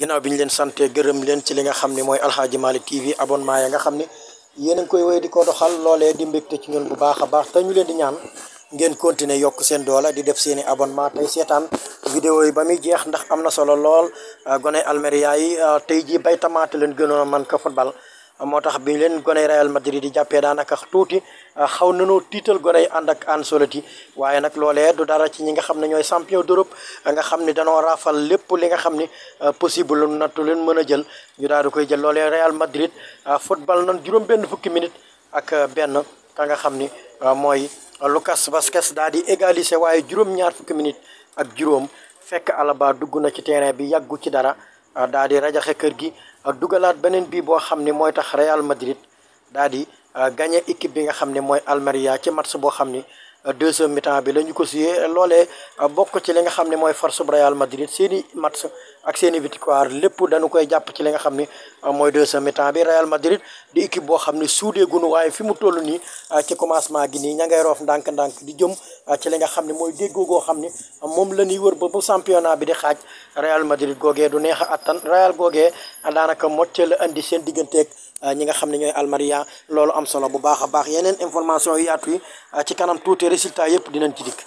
ginnaaw bi ñu leen sante gërëm leen ci li nga xam ne mooy Aladji Malick TV abonnement ya nga xam ne yéen a ngi koy woy di ko doxal loolee di mbégte ci ñun bu baax a baax te ñu leen di ñaan ngeen continuer yokk seen doole di def seeni i abonnement tey seetaan vidéo yi ba muy jeex ndax am na solo lool gone Almeria yi tey jii bay tamaate leen gënoon man ka football moo tax bi leen goney Real Madrid di jàppee daanaka tuuti xaw nanoo tiital goney ànd ak Ancelotti waaye nag loole du dara ci ñi nga xam ne ñooy champion d'Europe nga xam ne danoo raafal lépp li nga xam ni possible nattu leen mën a jël ñu daal di koy jël loolee Real Madrid football nan juróom benn fukki minute ak benn ka nga xam ni mooy Lucas Vázquez daal di égaliser waaye juróom ñaar fukki minute ak juróom fekk Alaba dugg na ci terrain bi yàggu ci dara daal di rajaxe kër gi dugalaat beneen bii boo xam ne mooy tax Real Madrid daal di euh, gagné équipe bi nga xam ne mooy Almeria ci match boo xam ni euh, deuxième mi-temps bi la ñu ko suyee loolee euh, bokk ci li nga xam ne mooy force bu Real Madrid seen i match ak seen victoire lépp danu koy jàpp ci li nga xam ni mooy deuxième mi-temps bi Real Madrid di équipe boo xam ne suudee gunu waaye fi mu toll nii ci commencement gi nii ña ngay roof ndànk-ndànk di jëm Euh, ci li nga xam ne mooy déggoo goo xam ne moom la ñuy wër ba bu championnat bi di xaaj Real Madrid googee du neex a attan Real googee daanaka moccee la andi seen digganteeg euh, ñi nga xam ne ñooy Almeria loolu am solo bu baax a baax yeneen information yaatu yi euh, ci kanam tuuti résultat yëpp dinañ ci dikk.